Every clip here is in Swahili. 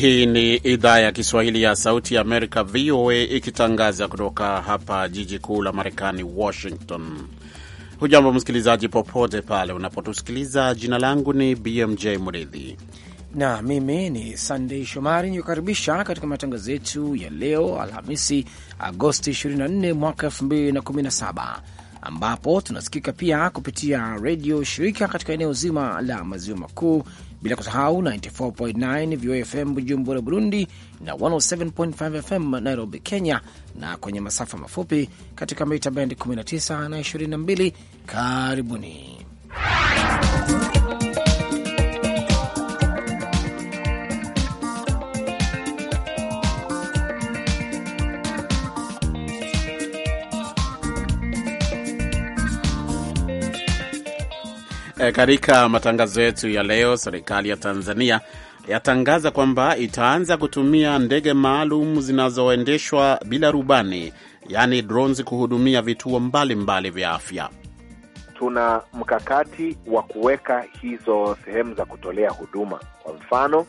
Hii ni idhaa ya Kiswahili ya Sauti ya Amerika, VOA, ikitangaza kutoka hapa jiji kuu la Marekani, Washington. Hujambo msikilizaji, popote pale unapotusikiliza. Jina langu ni BMJ Mridhi na mimi ni Sandei Shomari, nikukaribisha katika matangazo yetu ya leo Alhamisi, Agosti 24 mwaka 2017 ambapo tunasikika pia kupitia redio shirika katika eneo zima la maziwa makuu bila kusahau 94.9 VOFM Bujumbura, Burundi na 107.5 FM Nairobi, Kenya, na kwenye masafa mafupi katika mita bendi 19 na 22. Karibuni E, katika matangazo yetu ya leo, serikali ya Tanzania yatangaza kwamba itaanza kutumia ndege maalum zinazoendeshwa bila rubani, yaani drones, kuhudumia vituo mbalimbali mbali vya afya. Tuna mkakati wa kuweka hizo sehemu za kutolea huduma, kwa mfano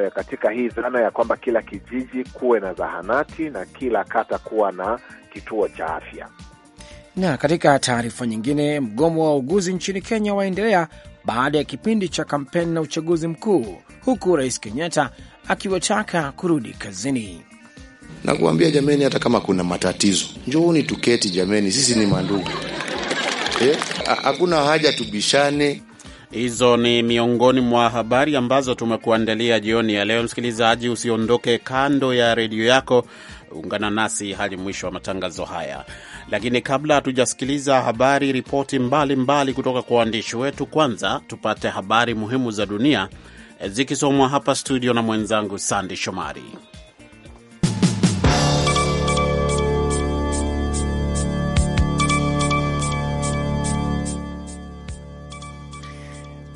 eh, katika hii dhana ya kwamba kila kijiji kuwe na zahanati na kila kata kuwa na kituo cha afya. Na katika taarifa nyingine, mgomo wa uguzi nchini Kenya waendelea baada ya kipindi cha kampeni na uchaguzi mkuu, huku Rais Kenyatta akiwataka kurudi kazini na kuambia jameni, hata kama kuna matatizo njooni tuketi, jameni, sisi ni mandugu, eh, hakuna eh, haja tubishane. Hizo ni miongoni mwa habari ambazo tumekuandalia jioni ya leo. Msikilizaji, usiondoke kando ya redio yako, ungana nasi hadi mwisho wa matangazo haya. Lakini kabla hatujasikiliza habari, ripoti mbalimbali kutoka kwa waandishi wetu, kwanza tupate habari muhimu za dunia eh, zikisomwa hapa studio na mwenzangu Sandi Shomari.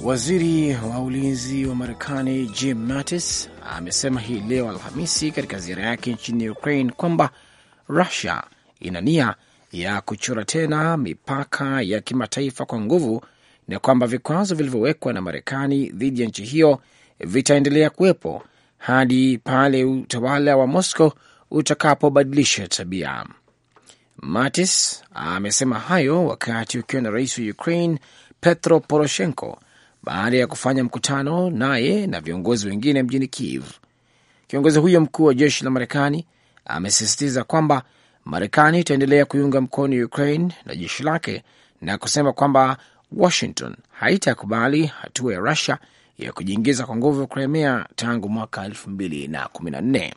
Waziri wa ulinzi wa Marekani Jim Mattis amesema hii leo Alhamisi katika ziara yake nchini Ukraine kwamba Rusia ina nia ya kuchora tena mipaka ya kimataifa kwa nguvu na kwamba vikwazo vilivyowekwa na Marekani dhidi ya nchi hiyo vitaendelea kuwepo hadi pale utawala wa Moscow utakapobadilisha tabia. Mattis amesema hayo wakati ukiwa na rais wa Ukraine Petro Poroshenko baada ya kufanya mkutano naye na viongozi wengine mjini Kiev. Kiongozi huyo mkuu wa jeshi la Marekani amesisitiza kwamba Marekani itaendelea kuiunga mkono Ukraine na jeshi lake na kusema kwamba Washington haitakubali hatua ya Rusia ya kujiingiza kwa nguvu Crimea tangu mwaka 214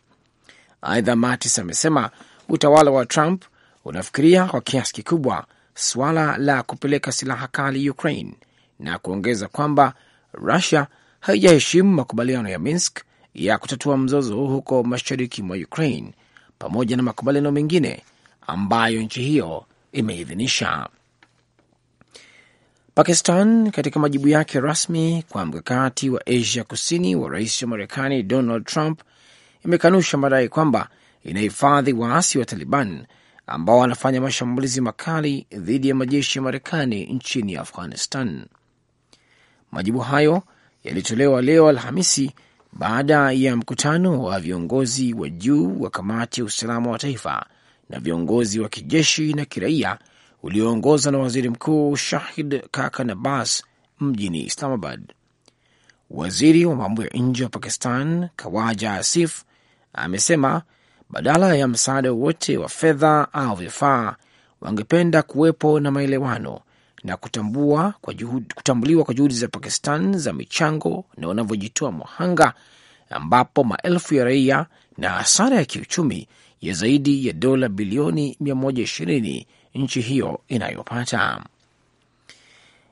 Aidha, Mattis amesema utawala wa Trump unafikiria kwa kiasi kikubwa suala la kupeleka silaha kali Ukraine na kuongeza kwamba Rusia haijaheshimu makubaliano ya Minsk ya kutatua mzozo huko mashariki mwa Ukraine pamoja na makubaliano mengine ambayo nchi hiyo imeidhinisha. Pakistan katika majibu yake rasmi kwa mkakati wa Asia Kusini wa rais wa Marekani Donald Trump imekanusha madai kwamba inahifadhi waasi wa Taliban ambao wanafanya mashambulizi makali dhidi ya majeshi ya Marekani nchini Afghanistan. Majibu hayo yalitolewa leo Alhamisi baada ya mkutano wa viongozi wa juu wa kamati ya usalama wa taifa na viongozi wa kijeshi na kiraia ulioongozwa na waziri mkuu Shahid kakanabas mjini Islamabad. Waziri wa mambo ya nje wa Pakistan Kawaja Asif amesema badala ya msaada wowote wa fedha au vifaa, wangependa kuwepo na maelewano na kutambua kwa juhudi, kutambuliwa kwa juhudi za Pakistan za michango na wanavyojitoa mhanga, ambapo maelfu ya raia na hasara ya kiuchumi ya zaidi ya dola bilioni 120 nchi hiyo inayopata.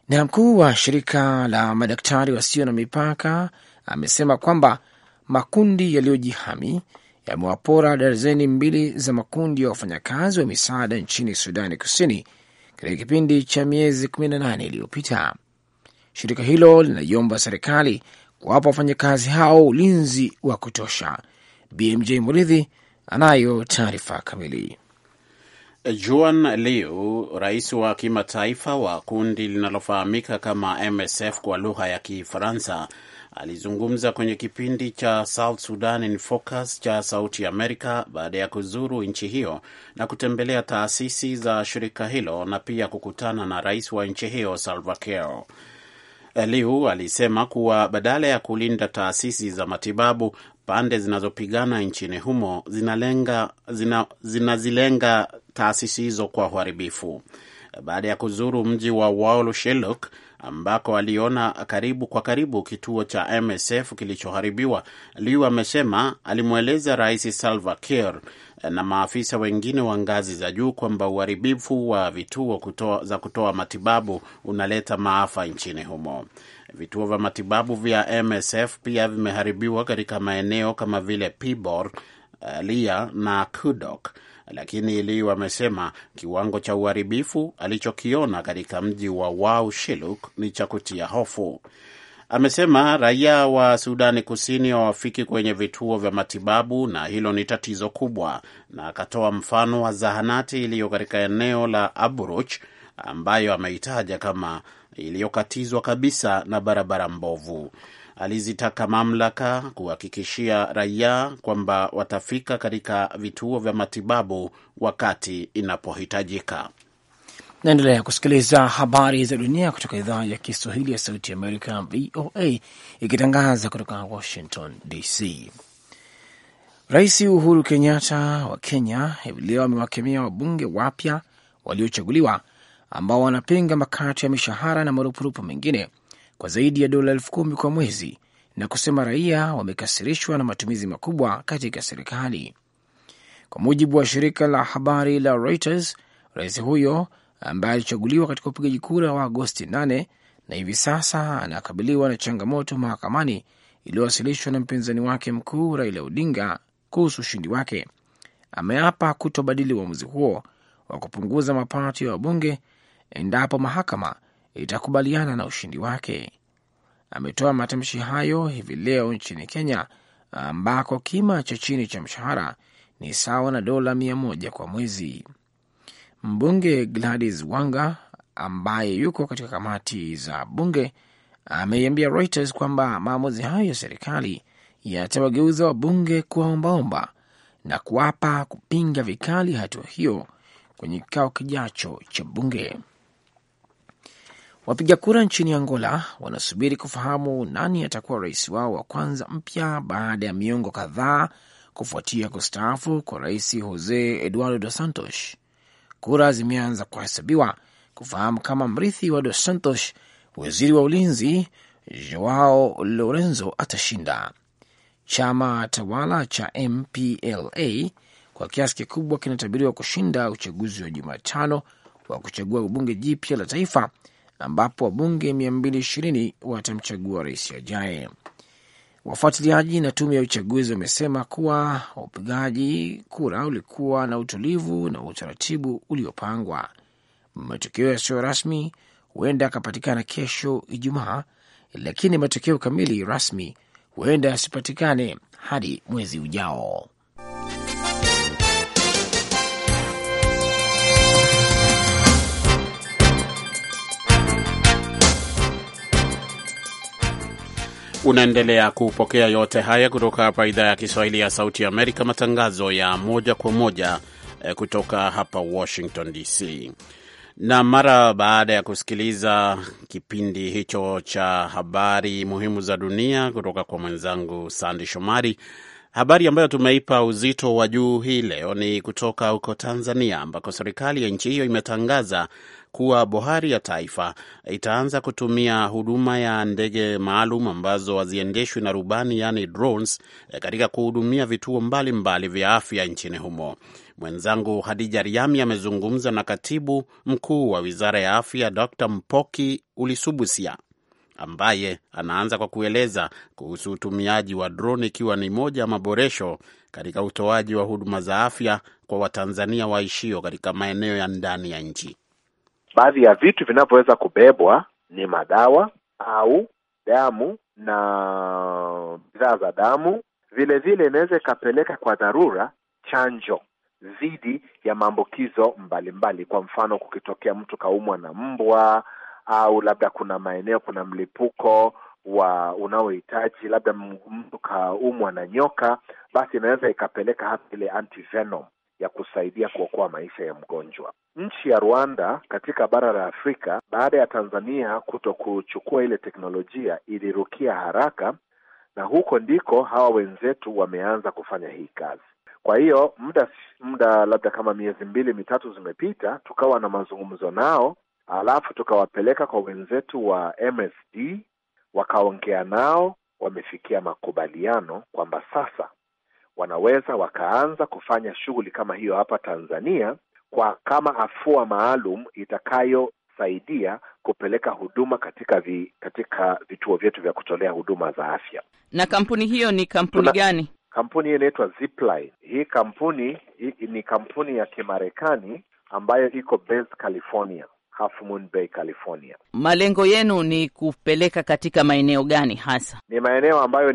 Na mkuu wa shirika la madaktari wasio na mipaka amesema kwamba makundi yaliyojihami yamewapora darzeni mbili za makundi ya wafanyakazi wa misaada nchini Sudani Kusini katika kipindi cha miezi 18 iliyopita. Shirika hilo linaiomba serikali kuwapa wafanyakazi hao ulinzi wa kutosha. BMJ Muridhi anayo taarifa kamili. Juan Liu, rais wa kimataifa wa kundi linalofahamika kama MSF kwa lugha ya Kifaransa, alizungumza kwenye kipindi cha South Sudan in Focus cha Sauti Amerika baada ya kuzuru nchi hiyo na kutembelea taasisi za shirika hilo na pia kukutana na rais wa nchi hiyo Salva Kiir. Liu alisema kuwa badala ya kulinda taasisi za matibabu, pande zinazopigana nchini humo zinalenga, zina, zinazilenga taasisi hizo kwa uharibifu. Baada ya kuzuru mji wa wal Sheluk ambako aliona karibu kwa karibu kituo cha MSF kilichoharibiwa. Liu amesema alimweleza Rais Salva Kiir na maafisa wengine wa ngazi za juu kwamba uharibifu wa vituo kutoa, za kutoa matibabu unaleta maafa nchini humo. Vituo vya matibabu vya MSF pia vimeharibiwa katika maeneo kama vile Pibor, eh, Lia na Kudok lakini Li wamesema kiwango cha uharibifu alichokiona katika mji wa wau shiluk ni cha kutia hofu. Amesema raia wa Sudani Kusini hawafiki kwenye vituo vya matibabu na hilo ni tatizo kubwa, na akatoa mfano wa zahanati iliyo katika eneo la abruch ambayo ameitaja kama iliyokatizwa kabisa na barabara mbovu alizitaka mamlaka kuhakikishia raia kwamba watafika katika vituo vya matibabu wakati inapohitajika. Naendelea kusikiliza habari za dunia kutoka idhaa ya Kiswahili ya Sauti ya Amerika, VOA, ikitangaza kutoka Washington DC. Rais Uhuru Kenyatta wa Kenya hivi leo amewakemea wabunge wapya waliochaguliwa ambao wanapinga makato ya mishahara na marupurupu mengine kwa zaidi ya dola elfu kumi kwa mwezi na kusema raia wamekasirishwa na matumizi makubwa katika serikali. Kwa mujibu wa shirika la habari la Reuters, rais huyo ambaye alichaguliwa katika upigaji kura wa Agosti 8 na hivi sasa anakabiliwa na changamoto mahakamani iliyowasilishwa na mpinzani wake mkuu Raila Odinga kuhusu ushindi wake, ameapa kutobadili uamuzi huo wa kupunguza mapato ya wabunge endapo mahakama itakubaliana na ushindi wake. Ametoa matamshi hayo hivi leo nchini Kenya, ambako kima cha chini cha mshahara ni sawa na dola mia moja kwa mwezi. Mbunge Gladys Wanga ambaye yuko katika kamati za bunge ameiambia Reuters kwamba maamuzi hayo ya serikali yatawageuza wabunge kuwa ombaomba na kuapa kupinga vikali hatua hiyo kwenye kikao kijacho cha bunge. Wapiga kura nchini Angola wanasubiri kufahamu nani atakuwa rais wao wa kwanza mpya baada ya miongo kadhaa kufuatia kustaafu kwa rais Jose Eduardo Dos Santos. Kura zimeanza kuhesabiwa kufahamu kama mrithi wa Dos Santos, waziri wa ulinzi Joao Lorenzo, atashinda. Chama tawala cha MPLA kwa kiasi kikubwa kinatabiriwa kushinda uchaguzi wa Jumatano wa kuchagua ubunge jipya la taifa ambapo wabunge 220 watamchagua rais ajaye. Wafuatiliaji na tume ya uchaguzi wamesema kuwa upigaji kura ulikuwa na utulivu na utaratibu uliopangwa. Matokeo yasiyo rasmi huenda yakapatikana kesho Ijumaa, lakini matokeo kamili rasmi huenda yasipatikane hadi mwezi ujao. Unaendelea kupokea yote haya kutoka hapa idhaa ya Kiswahili ya Sauti ya Amerika, matangazo ya moja kwa moja eh, kutoka hapa Washington DC. Na mara baada ya kusikiliza kipindi hicho cha habari muhimu za dunia kutoka kwa mwenzangu Sandi Shomari, habari ambayo tumeipa uzito wa juu hii leo ni kutoka huko Tanzania, ambako serikali ya nchi hiyo imetangaza kuwa bohari ya taifa itaanza kutumia huduma ya ndege maalum ambazo haziendeshwi na rubani, yani drones, eh, katika kuhudumia vituo mbalimbali mbali vya afya nchini humo. Mwenzangu Hadija Riami amezungumza na katibu mkuu wa wizara ya afya Dr Mpoki Ulisubusia ambaye anaanza kwa kueleza kuhusu utumiaji wa droni ikiwa ni moja ya maboresho katika utoaji wa huduma za afya kwa Watanzania waishio katika maeneo ya ndani ya nchi. Baadhi ya vitu vinavyoweza kubebwa ni madawa au damu na bidhaa za damu. Vilevile inaweza ikapeleka kwa dharura chanjo dhidi ya maambukizo mbalimbali. Kwa mfano, kukitokea mtu kaumwa na mbwa au labda kuna maeneo kuna mlipuko wa unaohitaji labda mtu kaumwa na nyoka, basi inaweza ikapeleka hata ile antivenom ya kusaidia kuokoa maisha ya mgonjwa. Nchi ya Rwanda katika bara la Afrika, baada ya Tanzania kuto kuchukua ile teknolojia, ilirukia haraka, na huko ndiko hawa wenzetu wameanza kufanya hii kazi. Kwa hiyo muda muda labda kama miezi mbili mitatu zimepita, tukawa na mazungumzo nao, alafu tukawapeleka kwa wenzetu wa MSD, wakaongea nao, wamefikia makubaliano kwamba sasa wanaweza wakaanza kufanya shughuli kama hiyo hapa Tanzania kwa kama afua maalum itakayosaidia kupeleka huduma katika vi, katika vituo vyetu vya kutolea huduma za afya. Na kampuni hiyo ni kampuni gani? Kampuni hiyo inaitwa Zipline. Hii kampuni hii, ni kampuni ya Kimarekani ambayo iko based California, Half Moon Bay, California. Malengo yenu ni kupeleka katika maeneo gani hasa? Ni maeneo ambayo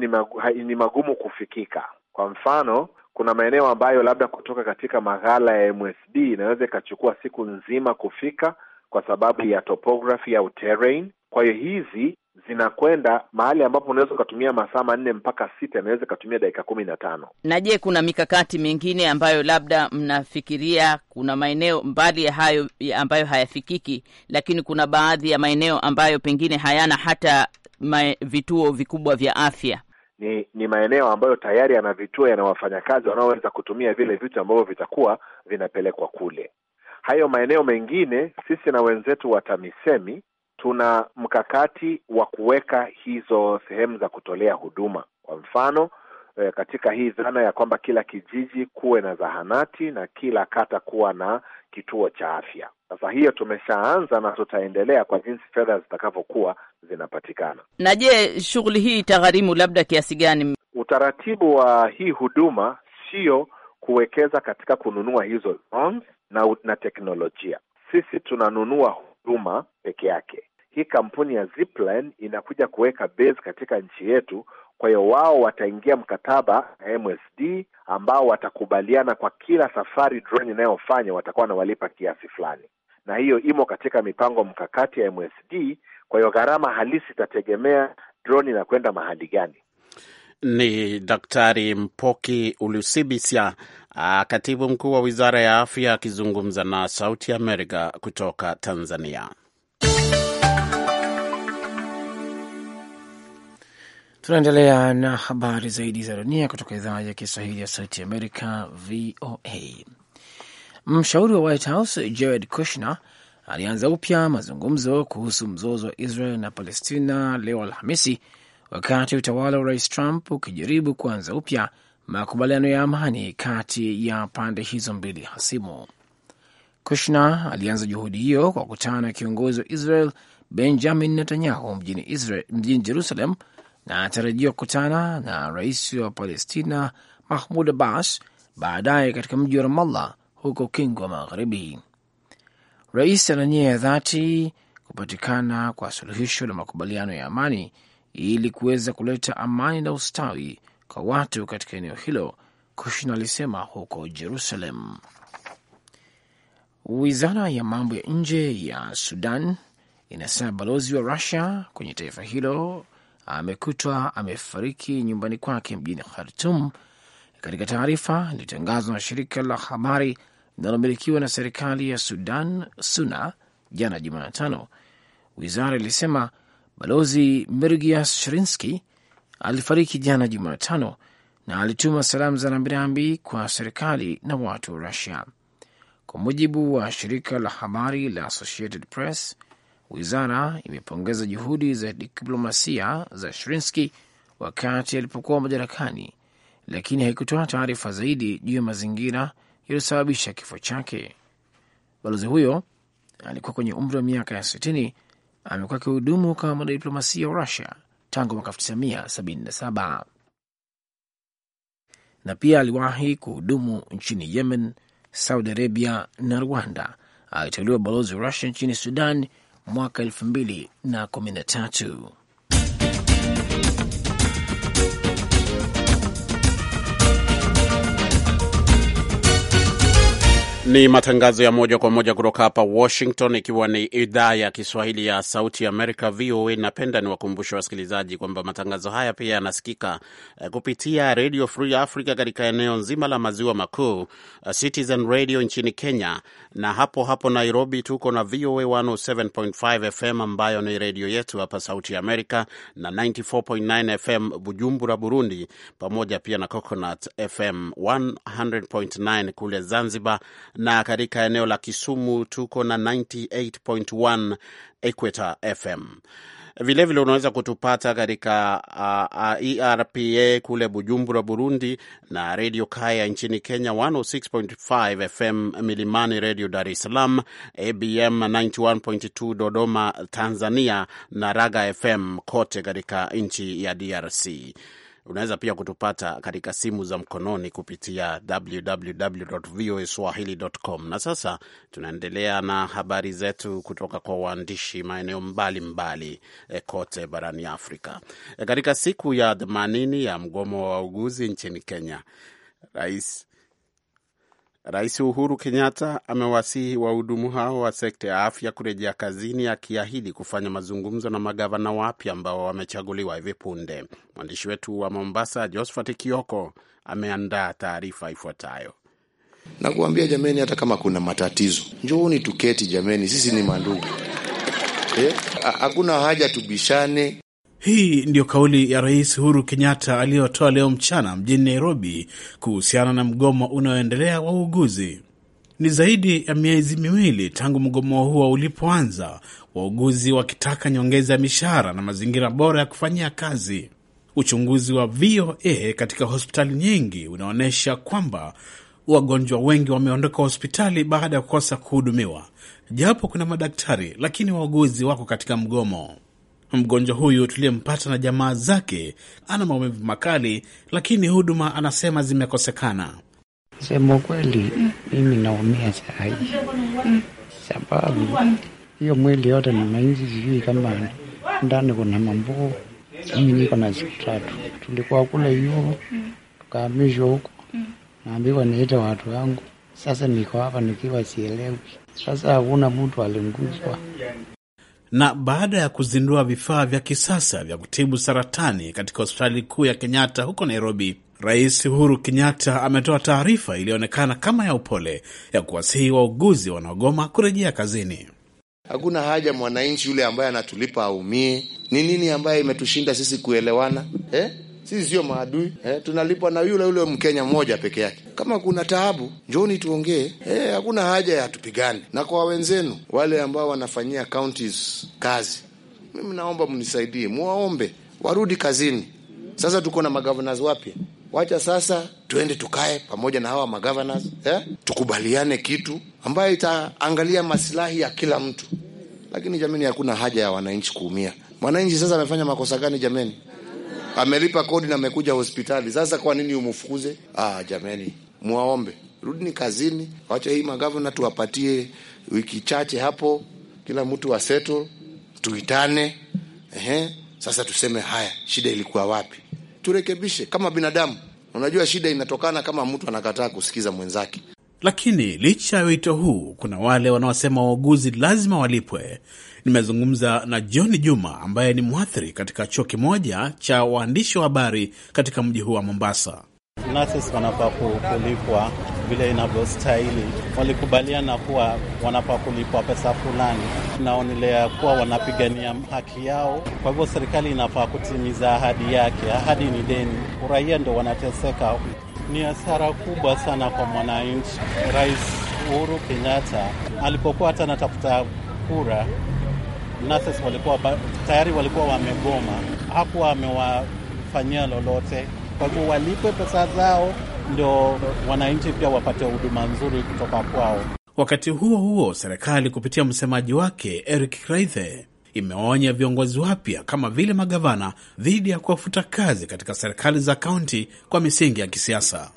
ni magumu kufikika kwa mfano, kuna maeneo ambayo labda kutoka katika maghala ya MSD inaweza ikachukua siku nzima kufika kwa sababu ya topography au terrain. Kwa hiyo hizi zinakwenda mahali ambapo unaweza ukatumia masaa manne mpaka sita, inaweza ikatumia dakika kumi na tano. Na je, kuna mikakati mingine ambayo labda mnafikiria? Kuna maeneo mbali ya hayo ambayo hayafikiki, lakini kuna baadhi ya maeneo ambayo pengine hayana hata vituo vikubwa vya afya ni ni maeneo ambayo tayari yana vituo, yana wafanyakazi wanaoweza kutumia vile vitu ambavyo vitakuwa vinapelekwa kule. Hayo maeneo mengine, sisi na wenzetu wa TAMISEMI tuna mkakati wa kuweka hizo sehemu za kutolea huduma. Kwa mfano e, katika hii dhana ya kwamba kila kijiji kuwe na zahanati na kila kata kuwa na kituo cha afya, sasa hiyo tumeshaanza na tutaendelea kwa jinsi fedha zitakavyokuwa zinapatikana. Na je, shughuli hii itagharimu labda kiasi gani? Utaratibu wa hii huduma sio kuwekeza katika kununua hizo loans na, na teknolojia. Sisi tunanunua huduma peke yake. Hii kampuni ya Zipline inakuja kuweka base katika nchi yetu. Kwa hiyo wao wataingia mkataba na MSD ambao watakubaliana kwa kila safari drone inayofanya watakuwa wanawalipa kiasi fulani na hiyo imo katika mipango mkakati ya MSD. Kwa hiyo gharama halisi itategemea droni inakwenda mahali gani. Ni Daktari Mpoki Ulusibisya, katibu mkuu wa wizara ya afya, akizungumza na Sauti ya Amerika kutoka Tanzania. Tunaendelea na habari zaidi za dunia kutoka idhaa ya Kiswahili ya Sauti Amerika, VOA. Mshauri wa White House Jared Kushner alianza upya mazungumzo kuhusu mzozo wa Israel na Palestina leo Alhamisi, wakati utawala wa Rais Trump ukijaribu kuanza upya makubaliano ya amani kati ya pande hizo mbili hasimu. Kushner alianza juhudi hiyo kwa kukutana na kiongozi wa Israel Benjamin Netanyahu mjini, Israel, mjini Jerusalem na anatarajiwa kukutana na rais wa Palestina Mahmud Abbas baadaye katika mji wa Ramallah huko Ukingo wa Magharibi. Rais ana nia ya dhati kupatikana kwa suluhisho la makubaliano ya amani ili kuweza kuleta amani na ustawi kwa watu katika eneo hilo, Kushner alisema huko Jerusalem. Wizara ya mambo ya nje ya Sudan inasema balozi wa Rusia kwenye taifa hilo amekutwa amefariki nyumbani kwake mjini Khartum. Katika taarifa iliyotangazwa na shirika la habari linalomilikiwa na serikali ya Sudan SUNA jana Jumatano, wizara ilisema Balozi Mergias Shrinski alifariki jana Jumatano na alituma salamu za rambirambi kwa serikali na watu wa Rusia. Kwa mujibu wa shirika la habari la Associated Press, wizara imepongeza juhudi za diplomasia za Shrinski wakati alipokuwa madarakani, lakini haikutoa taarifa zaidi juu ya mazingira ilisababisha kifo chake. Balozi huyo alikuwa kwenye umri wa miaka ya sitini. Amekuwa akihudumu kama mwanadiplomasia wa Rusia tangu mwaka 1977 na pia aliwahi kuhudumu nchini Yemen, Saudi Arabia na Rwanda. Aliteuliwa balozi wa Rusia nchini Sudan mwaka 2013. Ni matangazo ya moja kwa moja kutoka hapa Washington, ikiwa ni idhaa ya Kiswahili ya Sauti Amerika, VOA. Napenda ni wakumbushe wasikilizaji kwamba matangazo haya pia yanasikika eh, kupitia Radio Free Africa katika eneo nzima la maziwa makuu, eh, Citizen Radio nchini Kenya, na hapo hapo Nairobi tuko na VOA 107.5 FM ambayo ni redio yetu hapa Sauti Amerika, na 94.9 FM Bujumbura, Burundi, pamoja pia na Coconut FM 100.9 kule Zanzibar na katika eneo la Kisumu tuko na 98.1 Equator FM. Vilevile vile unaweza kutupata katika uh, uh, ERPA kule Bujumbura, Burundi, na Redio Kaya nchini Kenya 106.5 FM, Milimani Redio Dar es Salaam, ABM 91.2 Dodoma, Tanzania, na Raga FM kote katika nchi ya DRC. Unaweza pia kutupata katika simu za mkononi kupitia www.voaswahili.com. Na sasa tunaendelea na habari zetu kutoka kwa waandishi maeneo mbalimbali eh, kote barani Afrika. Eh, katika siku ya themanini ya mgomo wa wauguzi nchini Kenya, Rais Rais Uhuru Kenyatta amewasihi wahudumu hao wa sekta ya afya kurejea kazini, akiahidi kufanya mazungumzo na magavana wapya ambao wamechaguliwa hivi punde. Mwandishi wetu wa Mombasa, Josphat Kioko, ameandaa taarifa ifuatayo. Nakuambia jameni, hata kama kuna matatizo, njooni tuketi jameni, sisi ni mandugu. Eh, hakuna eh, haja tubishane, hii ndiyo kauli ya Rais Uhuru Kenyatta aliyotoa leo mchana mjini Nairobi kuhusiana na mgomo unaoendelea wa uuguzi. Ni zaidi ya miezi miwili tangu mgomo huo ulipoanza, wauguzi wakitaka nyongeza ya mishahara na mazingira bora ya kufanyia kazi. Uchunguzi wa VOA katika hospitali nyingi unaonyesha kwamba wagonjwa wengi wameondoka hospitali baada ya kukosa kuhudumiwa. Japo kuna madaktari, lakini wauguzi wako katika mgomo. Mgonjwa huyu tuliyempata na jamaa zake ana maumivu makali, lakini huduma anasema zimekosekana. Sema kweli, mimi naumia sahi, sababu hiyo mwili yote ni mainzi sijui kama ndani kuna mambuu. Mimi niko na siku tatu, tulikuwa kule yuo tukaamishwa huko, naambiwa niite watu wangu. Sasa niko hapa nikiwa sielewi. Sasa hakuna mtu alinguzwa na baada ya kuzindua vifaa vya kisasa vya kutibu saratani katika hospitali kuu ya Kenyatta huko Nairobi, Rais Uhuru Kenyatta ametoa taarifa iliyoonekana kama ya upole ya kuwasihi wauguzi wanaogoma kurejea kazini. Hakuna haja mwananchi yule ambaye anatulipa aumie. Ni nini ambaye imetushinda sisi kuelewana eh? Sisi sio maadui eh, tunalipwa na yule yule Mkenya mmoja peke yake. Kama kuna taabu, njoni tuongee eh, hakuna haja ya tupigane. Na kwa wenzenu wale ambao wanafanyia counties kazi, mimi naomba mnisaidie, muwaombe warudi kazini. Sasa tuko na magavanas wapya, wacha sasa tuende tukae pamoja na hawa magavanas eh, tukubaliane kitu ambayo itaangalia masilahi ya kila mtu. Lakini jamani, hakuna haja ya wananchi kuumia. Mwananchi sasa amefanya makosa gani jamani? amelipa kodi na amekuja hospitali. Sasa kwa nini umfukuze? Ah, jamani, mwaombe rudini kazini, wacha hii magavana tuwapatie wiki chache hapo, kila mtu aseto, tuitane. Ehe, sasa tuseme haya, shida ilikuwa wapi, turekebishe kama binadamu. Unajua shida inatokana kama mtu anakataa kusikiza mwenzake. Lakini licha ya wito huu, kuna wale wanaosema wauguzi lazima walipwe. Nimezungumza na John Juma ambaye ni mwathiri katika chuo kimoja cha waandishi wa habari katika mji huu wa Mombasa. Nurses wanafaa kulipwa vile inavyostahili. Walikubaliana kuwa wanafaa kulipwa pesa fulani, naonelea kuwa wanapigania haki yao. Kwa hivyo serikali inafaa kutimiza ahadi yake. Ahadi ni deni, uraia ndo wanateseka ni hasara kubwa sana kwa mwananchi. Rais Uhuru Kenyatta alipokuwa hata anatafuta kura, nurses walikuwa tayari walikuwa wamegoma, hakuwa amewafanyia lolote. Kwa hivyo walipe pesa zao, ndio wananchi pia wapate huduma nzuri kutoka kwao. Wakati huo huo, serikali kupitia msemaji wake Eric Kraithe imewaonya viongozi wapya kama vile magavana dhidi ya kuwafuta kazi katika serikali za kaunti kwa misingi ya kisiasa.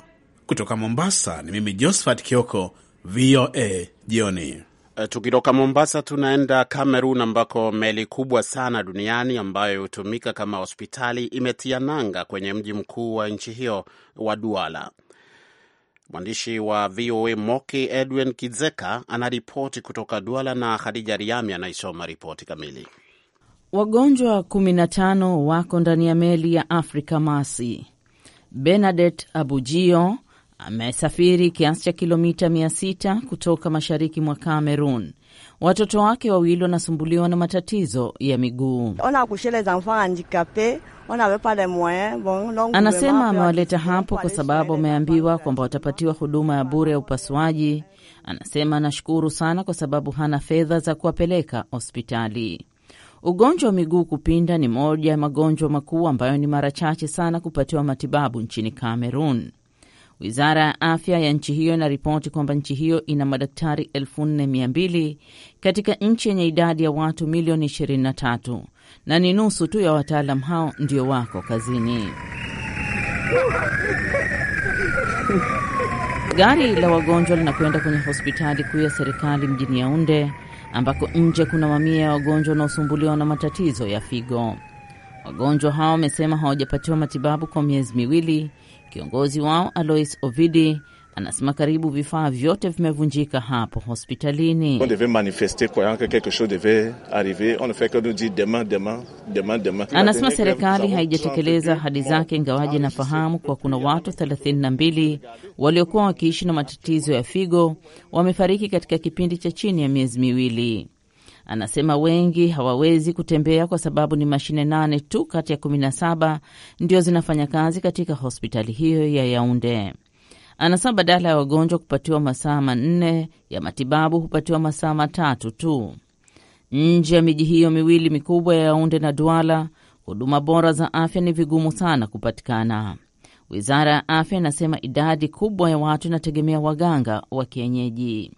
Kutoka Mombasa ni mimi Josephat Kioko, VOA jioni. E, tukitoka Mombasa tunaenda Kamerun ambako meli kubwa sana duniani ambayo hutumika kama hospitali imetia nanga kwenye mji mkuu wa nchi hiyo wa Duala. Mwandishi wa VOA Moki Edwin Kizeka anaripoti kutoka Duala na Khadija Riami anaisoma ripoti kamili. Wagonjwa 15 wako ndani ya meli ya afrika Masi. Benadet Abujio amesafiri kiasi cha kilomita 600 kutoka mashariki mwa Cameroon Watoto wake wawili wanasumbuliwa na matatizo ya miguu. Anasema amewaleta hapo kwa sababu ameambiwa kwamba watapatiwa huduma ya bure ya upasuaji. Anasema anashukuru sana kwa sababu hana fedha za kuwapeleka hospitali. Ugonjwa wa miguu kupinda ni moja ya magonjwa makuu ambayo ni mara chache sana kupatiwa matibabu nchini Kamerun. Wizara ya afya ya nchi hiyo inaripoti kwamba nchi hiyo ina madaktari 4200 katika nchi yenye idadi ya watu milioni 23 na ni nusu tu ya wataalam hao ndio wako kazini. Gari la wagonjwa linakwenda kwenye hospitali kuu ya serikali mjini Yaunde, ambako nje kuna mamia ya wagonjwa wanaosumbuliwa na matatizo ya figo. Wagonjwa hao wamesema hawajapatiwa matibabu kwa miezi miwili Kiongozi wao Alois Ovidi anasema karibu vifaa vyote vimevunjika hapo hospitalini. Anasema serikali haijatekeleza ahadi zake, ingawaje nafahamu kuwa kuna watu 32 waliokuwa wakiishi na matatizo ya figo wamefariki katika kipindi cha chini ya miezi miwili. Anasema wengi hawawezi kutembea kwa sababu ni mashine nane tu kati ya 17 ndio zinafanya kazi katika hospitali hiyo ya Yaunde. Anasema badala ya wagonjwa kupatiwa masaa manne ya matibabu hupatiwa masaa matatu tu. Nje ya miji hiyo miwili mikubwa ya Yaunde na Duala, huduma bora za afya ni vigumu sana kupatikana. Wizara ya afya inasema idadi kubwa ya watu inategemea waganga wa kienyeji.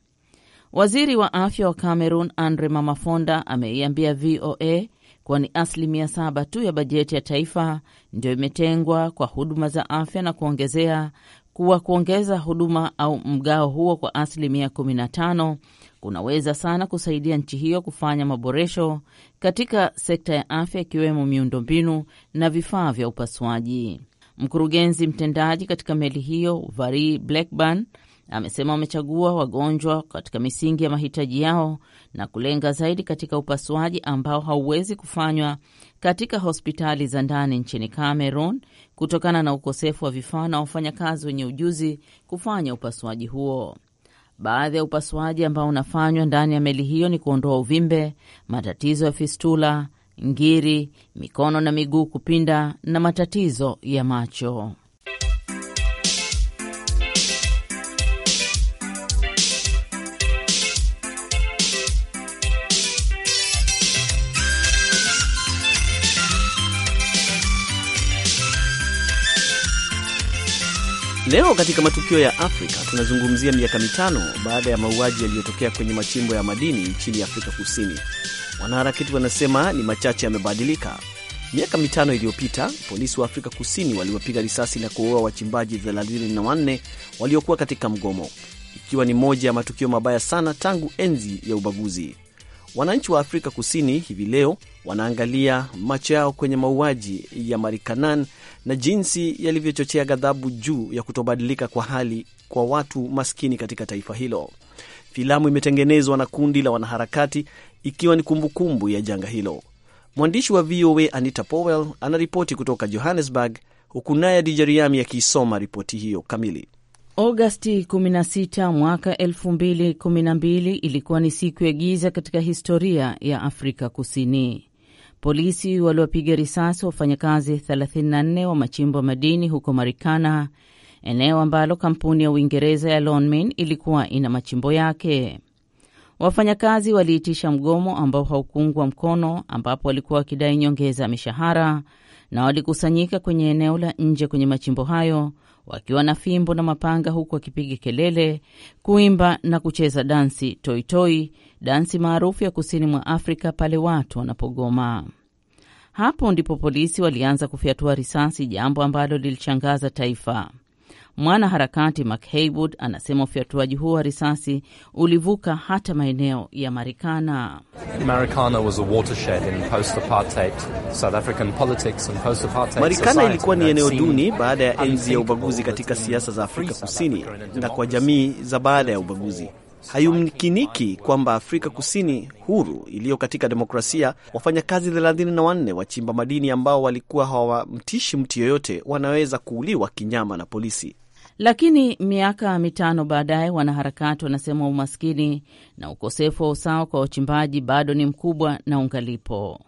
Waziri wa afya wa Cameroon Andre Mamafonda ameiambia VOA kuwa ni asilimia saba tu ya bajeti ya taifa ndio imetengwa kwa huduma za afya na kuongezea kuwa kuongeza huduma au mgao huo kwa asilimia 15 kunaweza sana kusaidia nchi hiyo kufanya maboresho katika sekta ya afya ikiwemo miundombinu na vifaa vya upasuaji. Mkurugenzi mtendaji katika meli hiyo Vari Blackburn amesema wamechagua wagonjwa katika misingi ya mahitaji yao na kulenga zaidi katika upasuaji ambao hauwezi kufanywa katika hospitali za ndani nchini Cameroon kutokana na ukosefu wa vifaa na wafanyakazi wenye ujuzi kufanya upasuaji huo. Baadhi ya upasuaji ambao unafanywa ndani ya meli hiyo ni kuondoa uvimbe, matatizo ya fistula, ngiri, mikono na miguu kupinda na matatizo ya macho. Leo katika matukio ya Afrika tunazungumzia miaka mitano baada ya mauaji yaliyotokea kwenye machimbo ya madini nchini Afrika Kusini. Wanaharakati wanasema ni machache yamebadilika. Miaka mitano iliyopita polisi wa Afrika Kusini waliwapiga risasi na kuua wachimbaji 34 waliokuwa katika mgomo, ikiwa ni moja ya matukio mabaya sana tangu enzi ya ubaguzi. Wananchi wa Afrika Kusini hivi leo wanaangalia macho yao kwenye mauaji ya Marikanan na jinsi yalivyochochea ghadhabu juu ya kutobadilika kwa hali kwa watu maskini katika taifa hilo. Filamu imetengenezwa na kundi la wanaharakati ikiwa ni kumbukumbu kumbu ya janga hilo. Mwandishi wa VOA Anita Powell anaripoti kutoka Johannesburg, huku naye Dijeriami akiisoma ripoti hiyo kamili. Agosti 16 mwaka 2012 ilikuwa ni siku ya giza katika historia ya Afrika Kusini. Polisi waliwapiga risasi wafanyakazi 34 wa machimbo madini huko Marikana, eneo ambalo kampuni ya Uingereza ya Lonmin ilikuwa ina machimbo yake. Wafanyakazi waliitisha mgomo ambao haukuungwa mkono, ambapo walikuwa wakidai nyongeza ya mishahara na walikusanyika kwenye eneo la nje kwenye machimbo hayo wakiwa na fimbo na mapanga, huku wakipiga kelele, kuimba na kucheza dansi toitoi, dansi maarufu ya kusini mwa Afrika pale watu wanapogoma. Hapo ndipo polisi walianza kufyatua risasi, jambo ambalo lilishangaza taifa. Mwanaharakati Mark Haywood anasema ufyatuaji huo wa risasi ulivuka hata maeneo ya Marikana. Marikana ilikuwa ni eneo duni baada ya enzi ya ubaguzi katika siasa za Afrika Kusini na kwa jamii za baada ya ubaguzi. Hayumkiniki kwamba Afrika Kusini huru iliyo katika demokrasia, wafanyakazi 34 wachimba madini ambao walikuwa hawamtishi mtu yoyote, wanaweza kuuliwa kinyama na polisi. Lakini miaka mitano baadaye, wanaharakati wanasema umaskini na ukosefu wa usawa kwa wachimbaji bado ni mkubwa na ungalipo.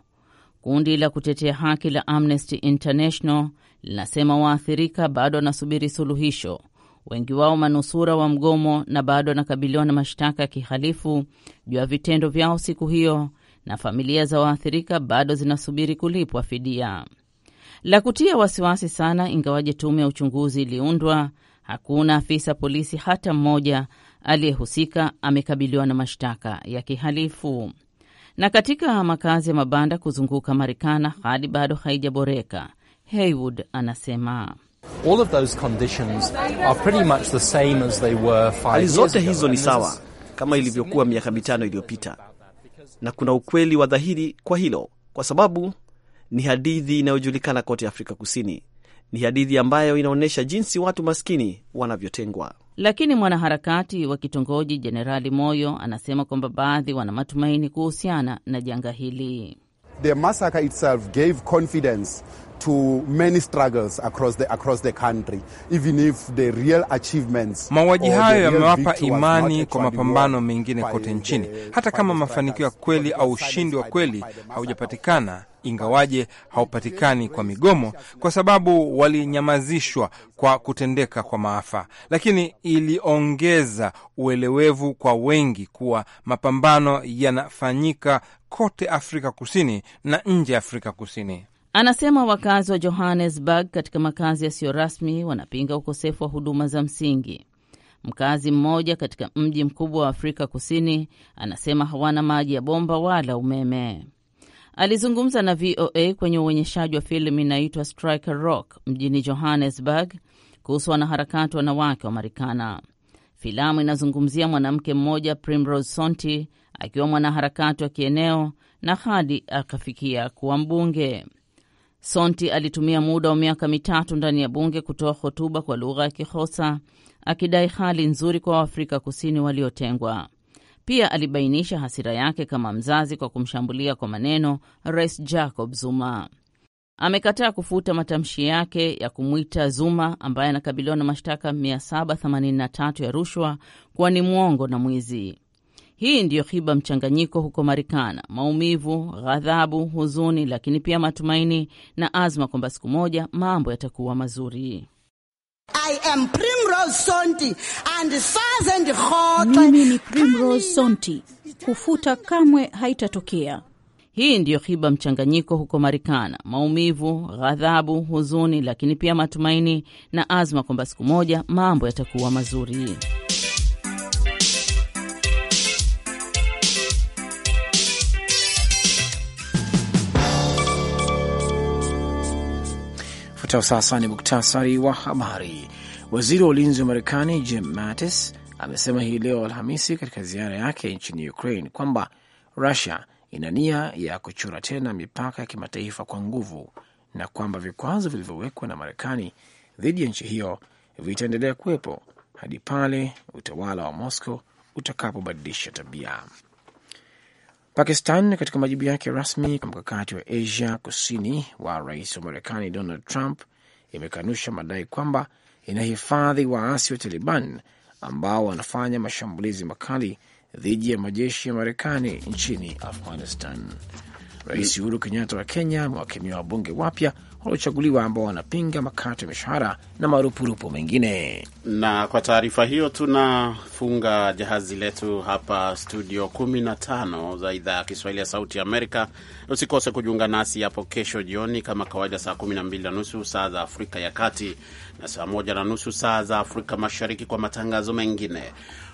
Kundi la kutetea haki la Amnesty International linasema waathirika bado wanasubiri suluhisho, wengi wao manusura wa mgomo, na bado wanakabiliwa na mashtaka ya kihalifu juu ya vitendo vyao siku hiyo, na familia za waathirika bado zinasubiri kulipwa fidia. La kutia wasiwasi sana, ingawaje tume ya uchunguzi iliundwa Hakuna afisa polisi hata mmoja aliyehusika amekabiliwa na mashtaka ya kihalifu. Na katika makazi ya mabanda kuzunguka Marikana, hali bado haijaboreka. Heywood anasema hali zote hizo ni sawa kama ilivyokuwa miaka mitano iliyopita, na kuna ukweli wa dhahiri kwa hilo, kwa sababu ni hadithi inayojulikana kote Afrika Kusini ni hadithi ambayo inaonyesha jinsi watu maskini wanavyotengwa. Lakini mwanaharakati wa kitongoji Jenerali Moyo anasema kwamba baadhi wana matumaini kuhusiana na janga hili. The massacre itself gave confidence to many struggles across the, across the country even if the real achievements. Mauaji hayo yamewapa imani kwa mapambano mengine kote nchini, hata kama mafanikio ya kweli au ushindi wa kweli haujapatikana ingawaje haupatikani kwa migomo, kwa sababu walinyamazishwa kwa kutendeka kwa maafa, lakini iliongeza uelewevu kwa wengi kuwa mapambano yanafanyika kote Afrika Kusini na nje ya Afrika Kusini. Anasema wakazi wa Johannesburg katika makazi yasiyo rasmi wanapinga ukosefu wa huduma za msingi. Mkazi mmoja katika mji mkubwa wa Afrika Kusini anasema hawana maji ya bomba wala umeme. Alizungumza na VOA kwenye uonyeshaji wa filamu inaitwa Striker Rock mjini Johannesburg kuhusu wanaharakati wanawake wa marekana Filamu inazungumzia mwanamke mmoja Primrose Sonti akiwa mwanaharakati wa kieneo na hadi akafikia kuwa mbunge. Sonti alitumia muda wa miaka mitatu ndani ya bunge kutoa hotuba kwa lugha ya Kihosa akidai hali nzuri kwa Waafrika Kusini waliotengwa. Pia alibainisha hasira yake kama mzazi kwa kumshambulia kwa maneno Rais Jacob Zuma. Amekataa kufuta matamshi yake ya kumwita Zuma, ambaye anakabiliwa na mashtaka 783 ya rushwa, kuwa ni mwongo na mwizi. Hii ndiyo hiba mchanganyiko huko Marekani: maumivu, ghadhabu, huzuni, lakini pia matumaini na azma kwamba siku moja mambo yatakuwa mazuri. Mimi ni Primrose Sonti, kufuta kamwe haitatokea. Hii ndiyo hiba mchanganyiko huko Marekani: maumivu, ghadhabu, huzuni, lakini pia matumaini na azma kwamba siku moja mambo yatakuwa mazuri. Ufuatao sasa ni muktasari wa habari. Waziri wa ulinzi wa Marekani Jim Mattis amesema hii leo Alhamisi katika ziara yake nchini Ukraine kwamba Rusia ina nia ya kuchora tena mipaka ya kimataifa kwa nguvu na kwamba vikwazo vilivyowekwa na Marekani dhidi ya nchi hiyo vitaendelea kuwepo hadi pale utawala wa Moscow utakapobadilisha tabia. Pakistan katika majibu yake rasmi kwa mkakati wa Asia kusini wa rais wa Marekani Donald Trump imekanusha madai kwamba inahifadhi waasi wa Taliban ambao wanafanya mashambulizi makali dhidi ya majeshi ya Marekani nchini Afghanistan. Rais Uhuru Kenyatta wa Kenya amewakemea wabunge wapya waliochaguliwa ambao wanapinga makato ya mishahara na marupurupu mengine. Na kwa taarifa hiyo, tunafunga jahazi letu hapa studio 15 za idhaa ya Kiswahili ya Sauti ya Amerika. Usikose kujiunga nasi hapo kesho jioni kama kawaida, saa 12 na nusu saa za Afrika ya Kati na saa 1 na nusu saa za Afrika Mashariki kwa matangazo mengine.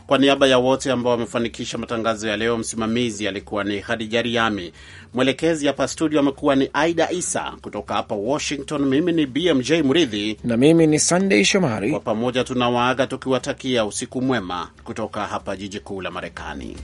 Kwa niaba ya wote ambao wamefanikisha matangazo ya leo, msimamizi alikuwa ni Hadija Riami, mwelekezi hapa studio amekuwa ni Aida Isa. Kutoka hapa Washington, mimi ni BMJ Mridhi na mimi ni sandey Shomari. Kwa pamoja tunawaaga tukiwatakia usiku mwema kutoka hapa jiji kuu la Marekani.